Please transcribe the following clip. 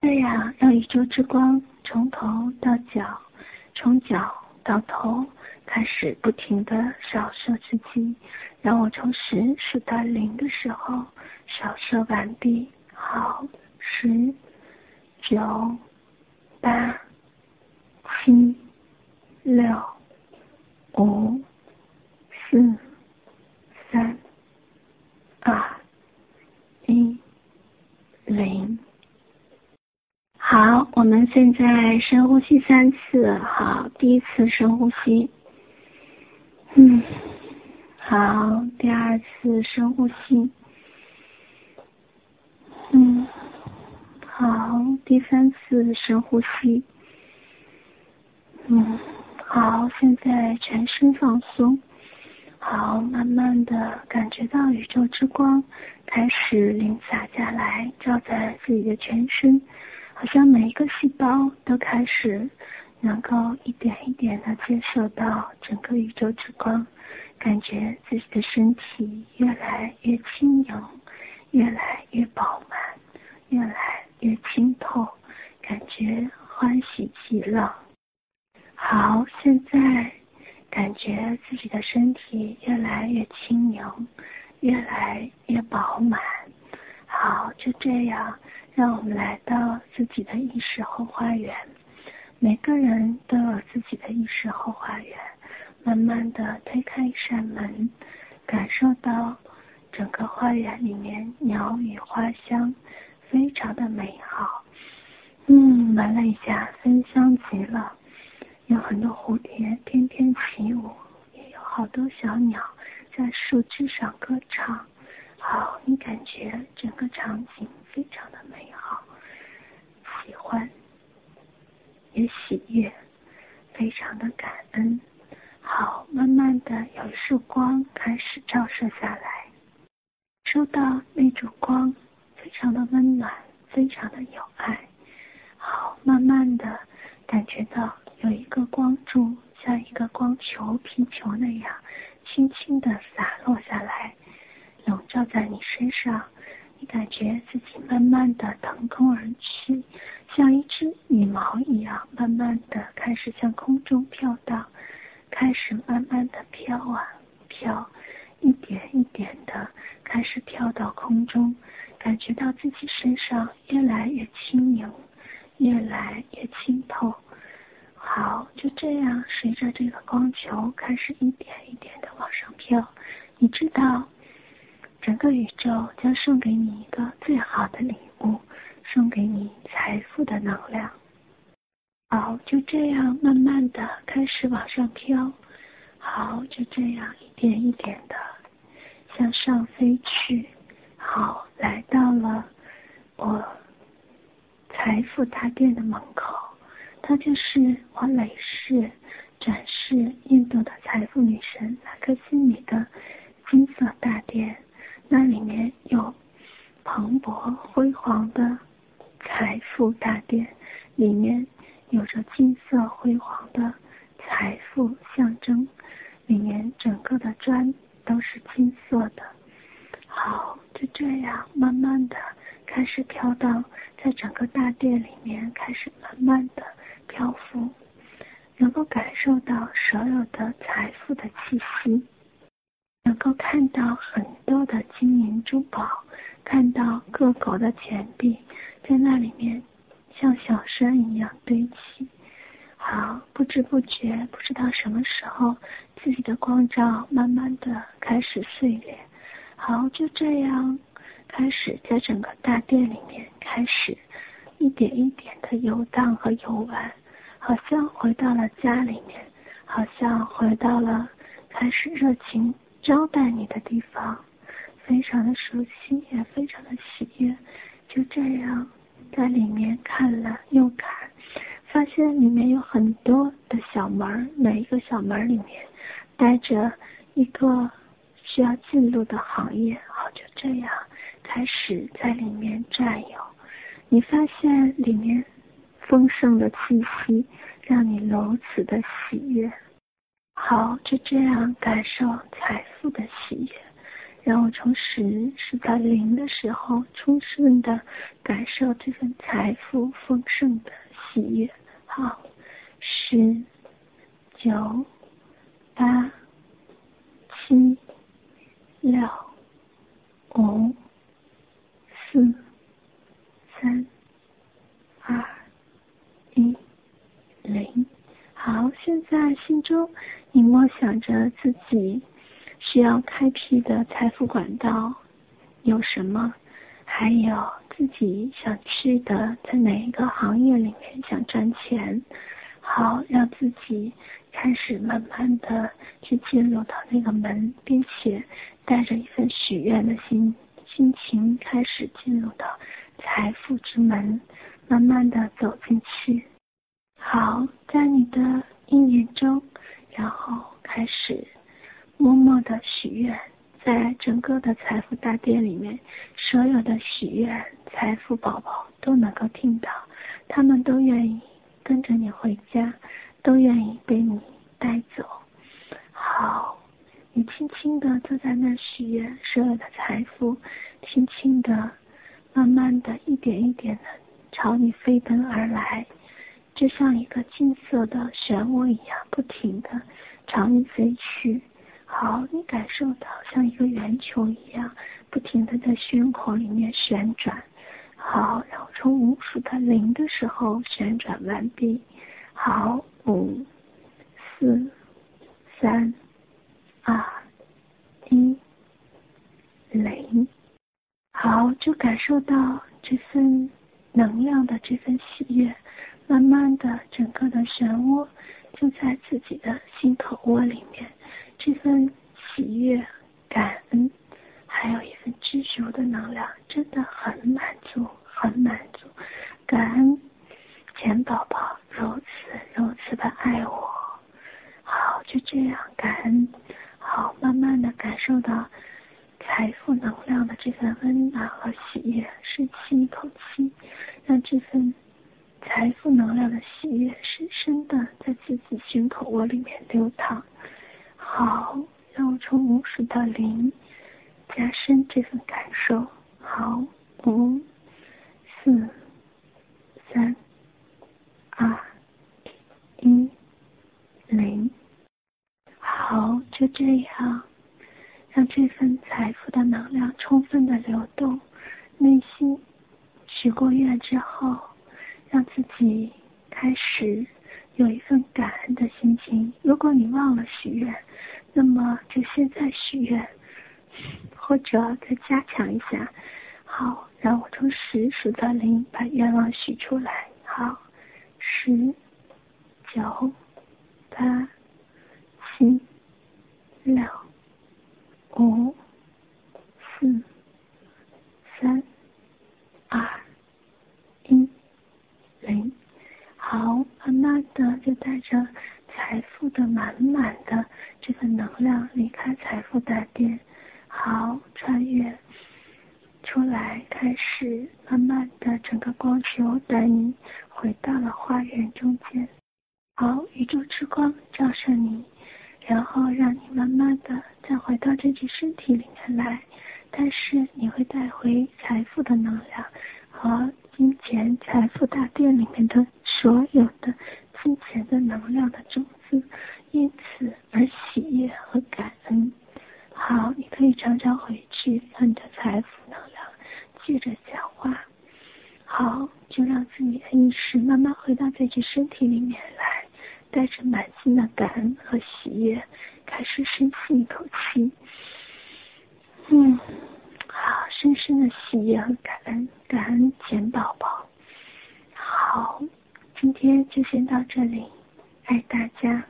對呀、啊，讓宇宙之光從頭到腳，從腳到頭開始不停的掃射自己。讓我從十數到零的時候，掃射完畢。好，十、九、八、七、六。現在深呼吸三次，好，第一次深呼吸，嗯，好，第二次深呼吸，嗯，好，第三次深呼吸，嗯，好，現在全身放鬆，好，慢慢的感覺到宇宙之光開始淋灑下來，照在自己的全身。好像每一個細胞都開始能夠一點一點的接受到整個宇宙之光，感覺自己的身體越來越輕盈，越來越飽滿，越來越清透，感覺歡喜極了。好，現在感覺自己的身體越來越輕盈，越來越飽滿。就這樣，讓我們來到自己的意識後花園。每個人都有自己的意識後花園。慢慢的推開一扇門，感受到整個花園裡面鳥語花香，非常的美好。嗯，聞了一下，芬香極了。有很多蝴蝶翩翩起舞，也有好多小鳥在樹枝上歌唱。好，你感覺整個場景非常的美好，喜歡，也喜悅，非常的感恩。好，慢慢的有一束光開始照射下來，收到那束光，非常的溫暖，非常的有愛。好，慢慢的感覺到有一個光柱，像一個光球、皮球那樣，輕輕地灑落下來。籠罩在你身上，你感覺自己慢慢的騰空而去，像一隻羽毛一樣，慢慢的開始向空中飄盪，開始慢慢的飄啊飄，一點一點的開始飄到空中，感覺到自己身上越來越輕盈，越來越清透。好，就這樣，隨着這個光球開始一點一點的往上飄，你知道。整個宇宙將送給你一個最好的禮物，送給你財富的能量。好，就這樣慢慢的開始往上飄。好，就這樣一點一點的向上飛去。好，來到了我財富大殿的門口，它就是我累世轉世印度的財富女神拉克希米的金色大殿。那裡面有蓬勃輝煌的財富大殿，裡面有着金色輝煌的財富象徵，裡面整個的磚都是金色的。好，就這樣慢慢的開始飄盪，在整個大殿裡面開始慢慢的漂浮，能夠感受到所有的財富的氣息，能夠看到很多的金銀珠寶，看到各國的錢幣在那裡面像小山一樣堆起，好，不知不覺，不知道什麼時候自己的光照慢慢的開始碎裂，好，就這樣開始在整個大殿裡面開始一點一點的遊蕩和遊玩，好像回到了家裡面，好像回到了開始熱情招待你的地方。非常的熟悉，也非常的喜悅。就這樣，在裡面看了又看，發現裡面有很多的小門，每一個小門裡面帶着一個需要進入的行業。好，就這樣開始在裡面占有。你發現裡面豐盛的氣息，讓你如此的喜悅。好，就這樣感受財富的喜悅。讓我從十數到零的時候，充分的感受這份財富豐盛的喜悅。好，十九八七六五四三二一零。好，現在心中你默想着自己。需要開闢的財富管道，有什麼？還有自己想去的，在哪一個行業裡面想賺錢？好，讓自己開始慢慢的去進入到那個門，並且帶着一份許願的心心情，開始進入到財富之門，慢慢的走進去。好，在你的一年中，然後開始。默默的許願，在整個的財富大殿裡面，所有的許願財富寶寶都能夠聽到，他們都願意跟着你回家，都願意被你帶走。好，你輕輕的坐在那許願，所有的財富，輕輕的，慢慢的，一點一點的朝你飛奔而來，就像一個金色的漩渦一樣，不停的朝你飛去。好，你感受到像一個圓球一樣不停的在胸口裡面旋轉，好，然後從五數到零的時候旋轉完畢，好，五、四、三、二、一，零，好，就感受到這份能量的這份喜悅，慢慢的整個的漩渦就在自己的心口窩裡面。這份喜悅、感恩，還有一份知足的能量，真的很滿足，很滿足。感恩錢寶寶如此如此的愛我。好，就這樣感恩。好，慢慢的感受到財富能量的這份溫暖、啊、和喜悅，深吸一口氣，讓這份財富能量的喜悅深深的在自己心口窩裡面流淌。好，讓我從五數到零，加深這份感受。好，五、四、三、二、一、零。好，就這樣，讓這份財富的能量充分的流動。內心許過願之後，讓自己開始。有一份感恩的心情。如果你忘了許願，那麼就現在許願，或者再加強一下。好，讓我從十數到零，把願望許出來。好，十、九、八、七、六、五、四、慢慢的，整個光球帶你回到了花園中間。好，宇宙之光照射你，然後讓你慢慢的再回到這具身體裡面來。但是你會帶回財富的能量和金錢，財富大殿裡面的所有的金錢的能量的種子，因此而喜悅和感恩。好，你可以常常回去，讓你的財富能量。接著講話，好，就讓自己的意識慢慢回到自己身體裡面來，帶着滿心的感恩和喜悅，開始深吸一口氣。嗯，好，深深的喜悅和感恩，感恩錢寶寶。好，今天就先到這裡，愛大家。